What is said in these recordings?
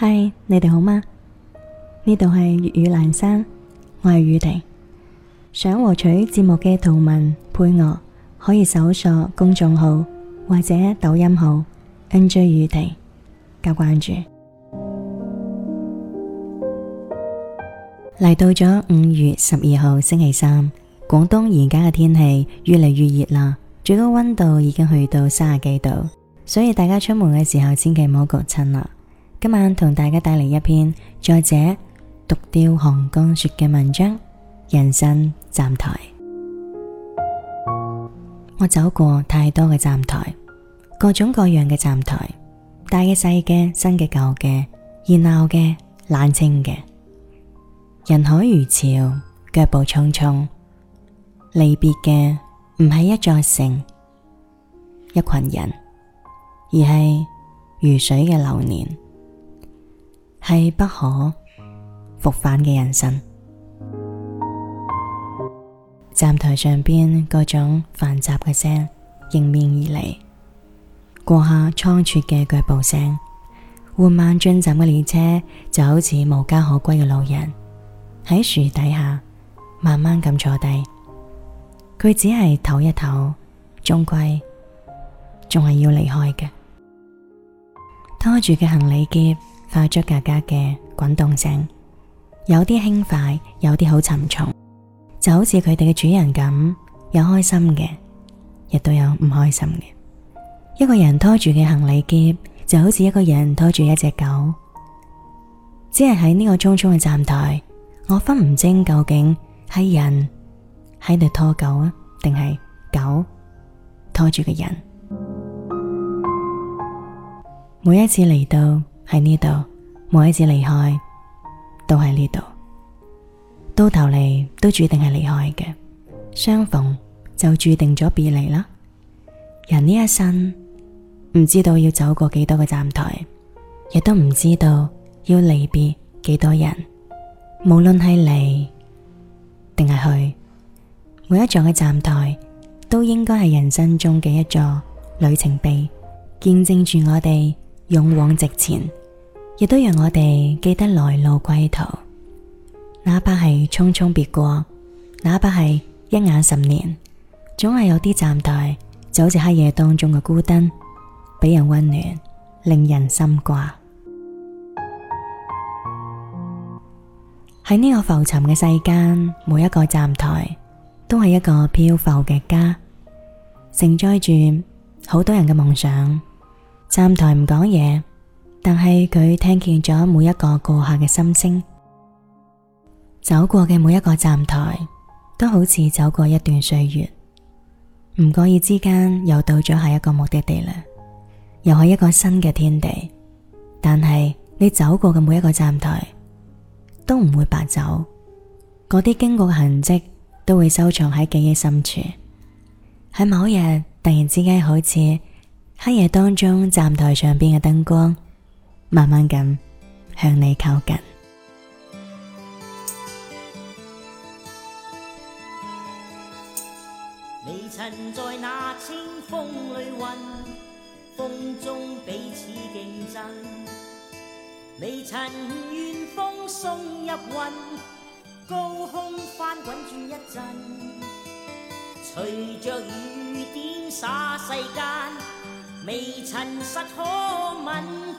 嗨，Hi, 你哋好嗎？呢度係粵語闌珊，我係宇婷。想獲取節目嘅圖文配樂，可以搜索公眾號或者抖音號 NJ 宇婷加關注。嚟 到咗五月十二號星期三，廣東而家嘅天氣越嚟越熱啦，最高溫度已經去到三十幾度，所以大家出門嘅時候千祈唔好焗親啦。今晚同大家帶嚟一篇作者獨釣寒江雪嘅文章。人生站台，我走過太多嘅站台，各種各樣嘅站台，大嘅、細嘅、新嘅、舊嘅、熱鬧嘅、冷清嘅。人海如潮，腳步匆匆，離別嘅唔係一座城、一群人，而係如水嘅流年。係不可復返嘅人生。站台上邊各種繁雜嘅聲迎面而嚟，過下倉促嘅腳步聲，緩慢進站嘅列車就好似無家可歸嘅老人，喺樹底下慢慢咁坐低。佢只係唞一唞，終歸仲係要離開嘅。拖住嘅行李喼。化咗格格嘅滾動聲，有啲輕快，有啲好沉重，就好似佢哋嘅主人咁，有開心嘅，亦都有唔開心嘅。一個人拖住嘅行李喼就好似一個人拖住一隻狗，只係喺呢個匆匆嘅站台，我分唔清究竟係人喺度拖狗啊，定係狗拖住嘅人。每一次嚟到。喺呢度，每一次離開都喺呢度，到頭嚟都注定係離開嘅。相逢就注定咗別離啦。人呢一生唔知道要走過幾多個站台，亦都唔知道要離別幾多人。無論係嚟定係去，每一座嘅站台都應該係人生中嘅一座里程碑，見證住我哋勇往直前。亦都讓我哋記得來路歸途，哪怕係匆匆別過，哪怕係一眼十年，總係有啲站台，就好似黑夜當中嘅孤燈，俾人溫暖，令人心掛。喺呢個浮沉嘅世間，每一個站台都係一個漂浮嘅家，承載住好多人嘅夢想。站台唔講嘢。但係佢聽見咗每一個過客嘅心聲，走過嘅每一個站台，都好似走過一段歲月。唔覺意之間又到咗下一個目的地啦，又係一個新嘅天地。但係你走過嘅每一個站台，都唔會白走，嗰啲經過嘅痕跡都會收藏喺記憶深處。喺某日突然之間，好似黑夜當中站台上邊嘅燈光。慢慢咁向你靠近。微塵在那清風裏混，風中彼此競爭。微塵願風送入雲，高空翻滾轉一陣。隨着雨點灑世間，微塵實可憫。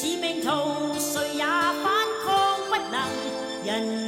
使命途，誰也反抗不能。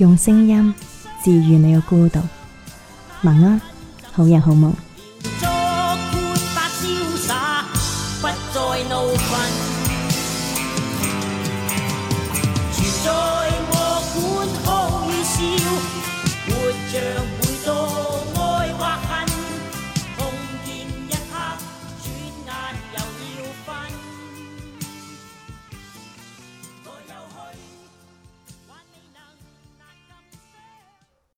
用聲音治癒你嘅孤獨，晚安，啊，好人好夢。